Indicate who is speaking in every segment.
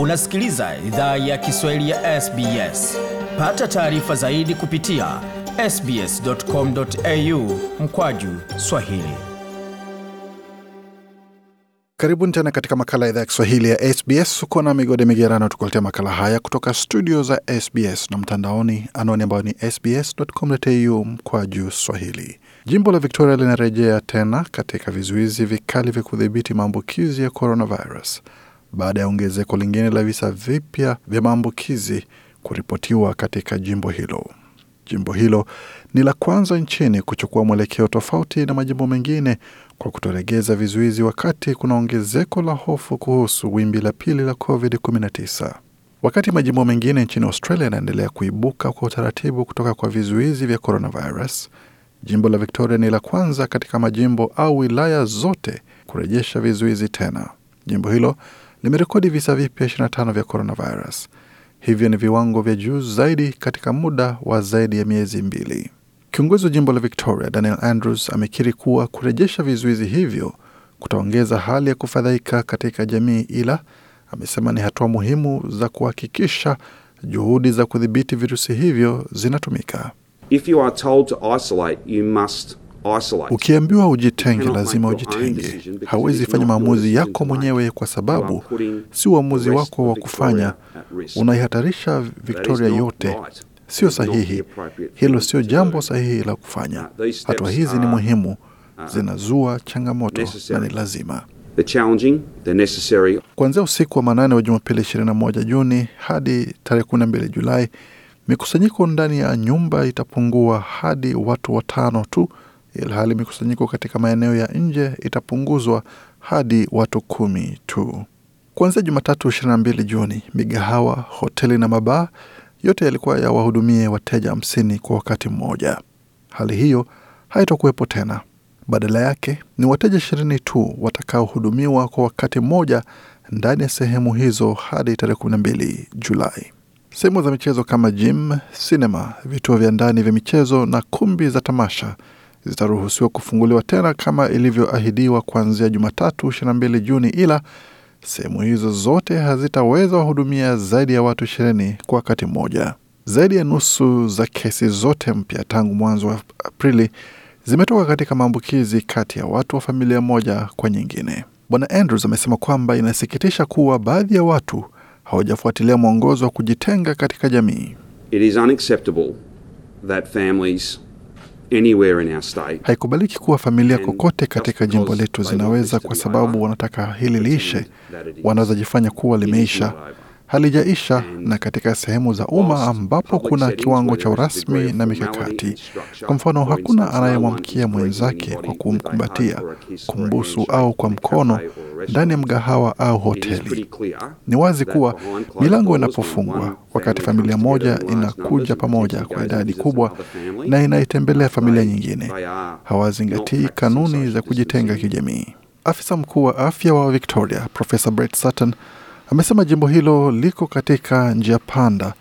Speaker 1: Unasikiliza idhaa ya Kiswahili ya SBS. Pata taarifa zaidi kupitia sbs.com.au mkwaju swahili. Karibuni tena katika makala ya idhaa ya Kiswahili ya SBS. Uko na migode migerano, tukuletea makala haya kutoka studio za SBS na mtandaoni, anaoni ambayo ni sbs.com.au mkwaju swahili. Jimbo la Victoria linarejea tena katika vizuizi vikali vya kudhibiti maambukizi ya coronavirus baada ya ongezeko lingine la visa vipya vya maambukizi kuripotiwa katika jimbo hilo. Jimbo hilo ni la kwanza nchini kuchukua mwelekeo tofauti na majimbo mengine kwa kutolegeza vizuizi wakati kuna ongezeko la hofu kuhusu wimbi la pili la COVID-19. Wakati majimbo mengine nchini Australia yanaendelea kuibuka kwa utaratibu kutoka kwa vizuizi vya coronavirus, jimbo la Victoria ni la kwanza katika majimbo au wilaya zote kurejesha vizuizi tena. Jimbo hilo limerekodi visa vipya 25 vya coronavirus. Hivyo ni viwango vya juu zaidi katika muda wa zaidi ya miezi mbili. Kiongozi wa jimbo la Victoria Daniel Andrews amekiri kuwa kurejesha vizuizi hivyo kutaongeza hali ya kufadhaika katika jamii, ila amesema ni hatua muhimu za kuhakikisha juhudi za kudhibiti virusi hivyo zinatumika. If you are told to isolate, you must Ukiambiwa ujitenge, lazima ujitenge. Hawezi fanya maamuzi yako mwenyewe, kwa sababu si uamuzi wako wa kufanya. Unaihatarisha Victoria yote, sio sahihi. Hilo sio jambo sahihi la kufanya. Hatua hizi ni muhimu, uh, zinazua changamoto na ni lazima kuanzia usiku wa manane wa Jumapili 21 Juni hadi tarehe 12 Julai. Mikusanyiko ndani ya nyumba itapungua hadi watu watano tu ilhali mikusanyiko katika maeneo ya nje itapunguzwa hadi watu kumi tu. Kuanzia Jumatatu 22 Juni, migahawa, hoteli na mabaa yote yalikuwa yawahudumie wateja hamsini kwa wakati mmoja. Hali hiyo haitokuwepo tena. Badala yake ni wateja ishirini tu watakaohudumiwa kwa wakati mmoja ndani ya sehemu hizo hadi tarehe 12 Julai. Sehemu za michezo kama gym, sinema, vituo vya ndani vya michezo na kumbi za tamasha zitaruhusiwa kufunguliwa tena kama ilivyoahidiwa kuanzia Jumatatu 22 Juni, ila sehemu hizo zote hazitaweza wahudumia zaidi ya watu ishirini kwa wakati mmoja. Zaidi ya nusu za kesi zote mpya tangu mwanzo wa Aprili zimetoka katika maambukizi kati ya watu wa familia moja kwa nyingine. Bwana Andrews amesema kwamba inasikitisha kuwa baadhi ya watu hawajafuatilia mwongozo wa kujitenga katika jamii. It is unacceptable that families Haikubaliki kuwa familia kokote katika jimbo letu zinaweza, kwa sababu wanataka hili liishe, wanawezajifanya kuwa limeisha, halijaisha. Na katika sehemu za umma ambapo kuna kiwango cha urasmi na mikakati, kwa mfano, hakuna anayemwamkia mwenzake kwa kumkumbatia, kumbusu au kwa mkono ndani ya mgahawa au hoteli. Ni wazi kuwa milango inapofungwa, wakati familia moja inakuja pamoja kwa idadi kubwa na inaitembelea familia nyingine, hawazingatii kanuni za kujitenga kijamii. Afisa mkuu wa afya wa Victoria Profesa Brett Sutton amesema jimbo hilo liko katika njia panda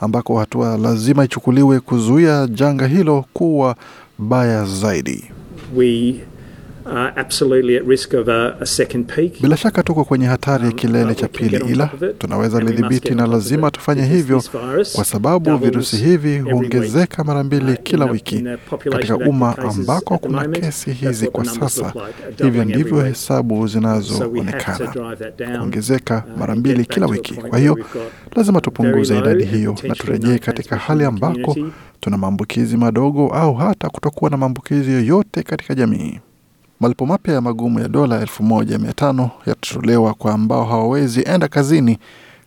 Speaker 1: ambako hatua lazima ichukuliwe kuzuia janga hilo kuwa baya zaidi. We bila shaka tuko kwenye hatari ya um, kilele cha pili, ila tunaweza lidhibiti na lazima tufanye hivyo, kwa sababu virusi hivi huongezeka mara mbili uh, kila wiki katika umma ambako kuna kesi hizi kwa sasa. Uh, hivyo ndivyo hesabu uh, zinazoonekana, kuongezeka mara mbili kila wiki. Kwa hiyo lazima tupunguze idadi hiyo na turejee katika hali ambako tuna maambukizi madogo au hata kutokuwa na maambukizi yoyote katika jamii. Malipo mapya ya magumu ya dola tano yatatolewa kwa ambao hawawezi enda kazini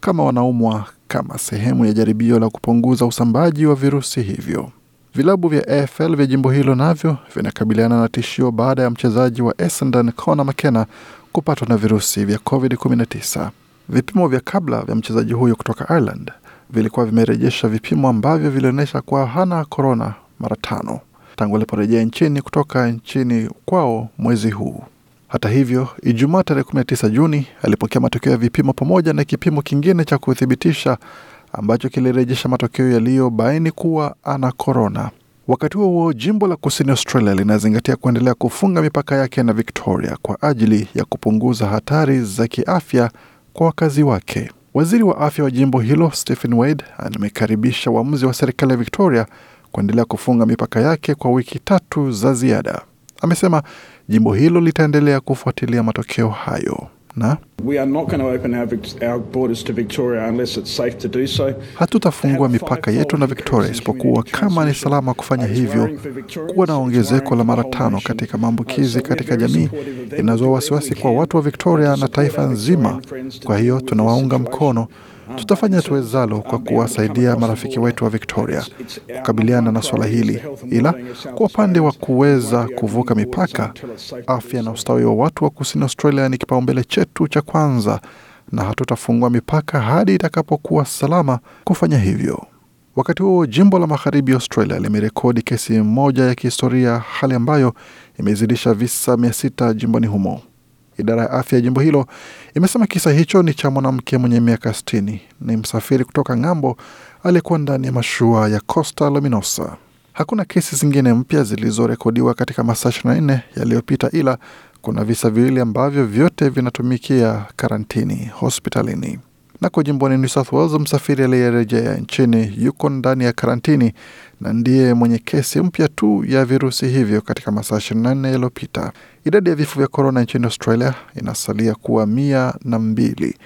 Speaker 1: kama wanaumwa, kama sehemu ya jaribio la kupunguza usambaji wa virusi hivyo. Vilabu vya AFL vya jimbo hilo navyo vinakabiliana na tishio baada ya mchezaji wa Essendon Connor McKenna kupatwa na virusi vya COVID-19. Vipimo vya kabla vya mchezaji huyo kutoka Ireland vilikuwa vimerejesha vipimo ambavyo vilionyesha kuwa hana korona mara tano tangu waliporejea nchini kutoka nchini kwao mwezi huu. Hata hivyo, Ijumaa tarehe 19 Juni alipokea matokeo ya vipimo pamoja na kipimo kingine cha kuthibitisha ambacho kilirejesha matokeo yaliyobaini kuwa ana korona. Wakati huo huo, jimbo la kusini Australia linazingatia kuendelea kufunga mipaka yake na Victoria kwa ajili ya kupunguza hatari za kiafya kwa wakazi wake. Waziri wa afya wa jimbo hilo Stephen Wade amekaribisha uamuzi wa serikali ya Victoria kuendelea kufunga mipaka yake kwa wiki tatu za ziada. Amesema jimbo hilo litaendelea kufuatilia matokeo hayo na Hatutafungua mipaka yetu na Victoria isipokuwa kama ni salama kufanya hivyo. Kuwa na ongezeko la mara tano katika maambukizi katika jamii inazua wasiwasi kwa watu wa Victoria na taifa nzima. Kwa hiyo tunawaunga mkono Tutafanya tuwezalo kwa kuwasaidia marafiki wetu wa Victoria kukabiliana na suala hili, ila kwa upande wa kuweza kuvuka mipaka, afya na ustawi wa watu wa kusini Australia ni kipaumbele chetu cha kwanza, na hatutafungua mipaka hadi itakapokuwa salama kufanya hivyo. Wakati huo jimbo la magharibi Australia limerekodi kesi moja ya kihistoria, hali ambayo imezidisha visa mia sita jimboni humo. Idara ya afya ya jimbo hilo imesema kisa hicho ni cha mwanamke mwenye miaka 60, ni msafiri kutoka ng'ambo aliyekuwa ndani ya mashua ya Costa Luminosa. Hakuna kesi zingine mpya zilizorekodiwa katika masaa 24 yaliyopita, ila kuna visa viwili ambavyo vyote vinatumikia karantini hospitalini. Nako jimboni New South Wales, msafiri aliyerejea nchini yuko ndani ya karantini na ndiye mwenye kesi mpya tu ya virusi hivyo katika masaa 24 yaliyopita. Idadi ya vifo vya korona nchini Australia inasalia kuwa mia na mbili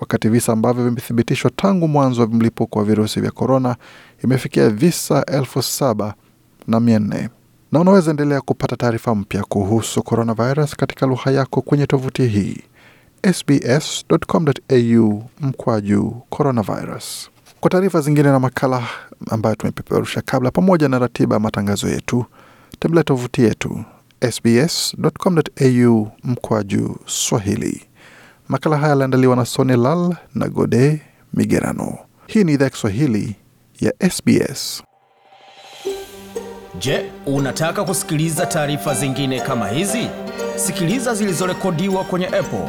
Speaker 1: wakati visa ambavyo vimethibitishwa tangu mwanzo wa mlipuko wa virusi vya korona imefikia visa elfu saba na mia nne na unaweza endelea kupata taarifa mpya kuhusu coronavirus katika lugha yako kwenye tovuti hii sbs.com.au mkwaju coronavirus. Kwa taarifa zingine na makala ambayo tumepeperusha kabla, pamoja na ratiba ya matangazo yetu, tembelea tovuti yetu sbs.com.au mkwaju swahili. Makala haya yaliandaliwa na Sone Lal na Gode Migerano. Hii ni idhaa ya Kiswahili ya SBS. Je, unataka kusikiliza taarifa zingine kama hizi? Sikiliza zilizorekodiwa kwenye Apple,